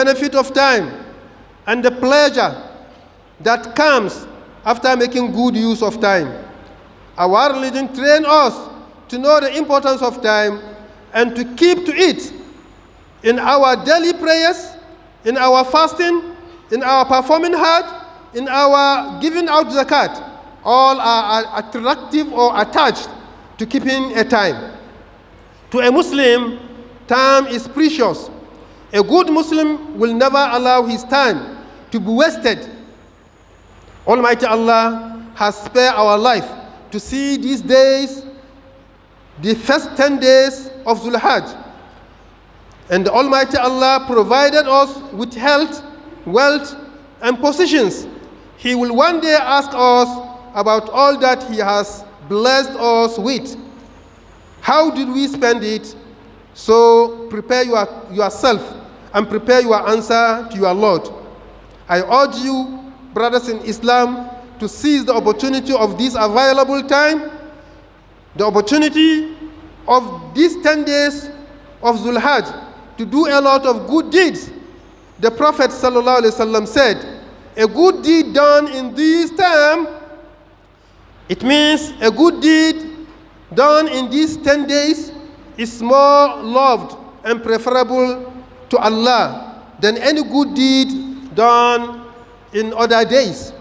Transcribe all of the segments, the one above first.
benefit of time and the pleasure that comes after making good use of time. Our religion trains us to know the importance of time and to keep to it in our daily prayers, in our fasting, in our performing hajj, in our giving out zakat. All are attractive or attached to keeping a time. To a Muslim, time is precious a good Muslim will never allow his time to be wasted. Almighty Allah has spared our life to see these days, the first 10 days of Zulhajj. And Almighty Allah provided us with health, wealth, and positions. He will one day ask us about all that He has blessed us with. How did we spend it? So prepare your, yourself and prepare your answer to your Lord. I urge you, brothers in Islam, to seize the opportunity of this available time, the opportunity of these 10 days of Zulhaj to do a lot of good deeds. The Prophet ﷺ said, a good deed done in this time, it means a good deed done in these 10 days is more loved and preferable to Allah than any good deed done in other days.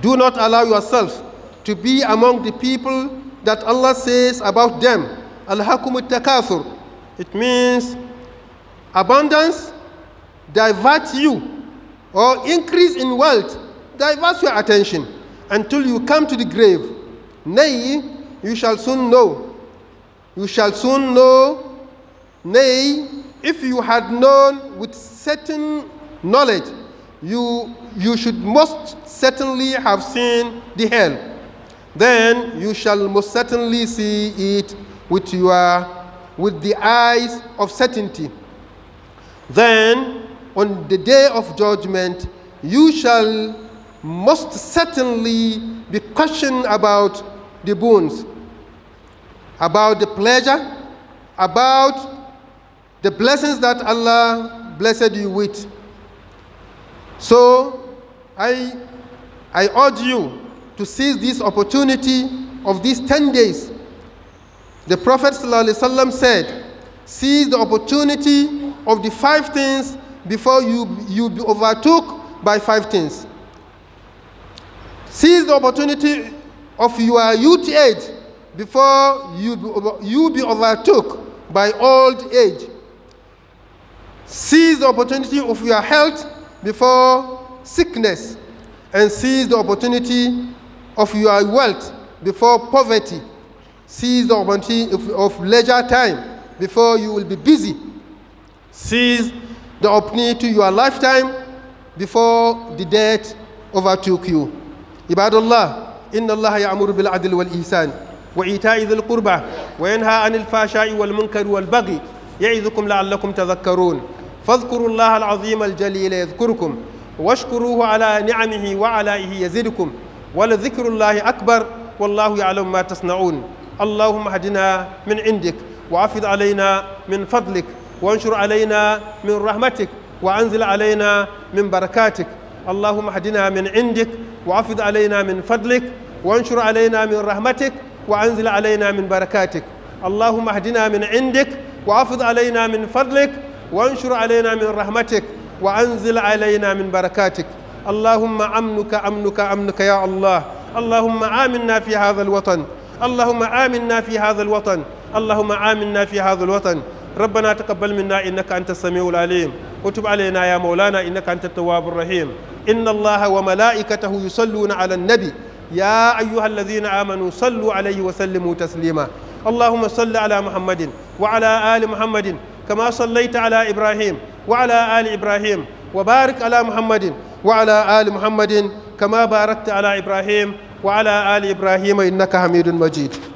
Do not allow yourself to be among the people that Allah says about them, Al-Hakumut Takathur. It means abundance divert you or increase in wealth divert your attention until you come to the grave. Nay, you shall soon know. You shall soon know. Nay, if you had known with certain knowledge, you, you should most certainly have seen the hell. Then you shall most certainly see it with, your, with the eyes of certainty. Then on the day of judgment, you shall most certainly be questioned about the boons, about the pleasure, about the blessings that Allah blessed you with. So I, I urge you to seize this opportunity of these 10 days. The Prophet ﷺ said, seize the opportunity of the five things before you, you be overtook by five things. Seize the opportunity of your youth age before you be, you be overtook by old age. Seize the opportunity of your health before sickness, and seize the opportunity of your wealth before poverty. Seize the opportunity of, of leisure time before you will be busy. Seize the opportunity of your lifetime before the death overtook you. Ibadullah, inna Allah ya'muru bil adl wal ihsan wa ita'i dhil qurba wa anil Fashai wal Munkar wal baghi يعظكم لعلكم تذكرون فاذكروا الله العظيم الجليل يذكركم واشكروه على نعمه وعلائه يزدكم ولذكر الله أكبر والله يعلم ما تصنعون اللهم اهدنا من عندك وعفض علينا من فضلك وانشر علينا من رحمتك وأنزل علينا من بركاتك اللهم اهدنا من عندك وعفض علينا من فضلك وانشر علينا من رحمتك وأنزل علينا من بركاتك اللهم اهدنا من عندك وعفض علينا من فضلك وانشر علينا من رحمتك وأنزل علينا من بركاتك اللهم أمنك أمنك أمنك يا الله اللهم آمنا في هذا الوطن اللهم آمنا في هذا الوطن اللهم آمنا في هذا الوطن ربنا تقبل منا إنك أنت السميع العليم وتب علينا يا مولانا إنك أنت التواب الرحيم إن الله وملائكته يصلون على النبي يا أيها الذين آمنوا صلوا عليه وسلموا تسليما اللهم صل على محمد وعلى آل محمد كما صليت على إبراهيم وعلى آل إبراهيم وبارك على محمد وعلى آل محمد كما باركت على إبراهيم وعلى آل إبراهيم إنك حميد مجيد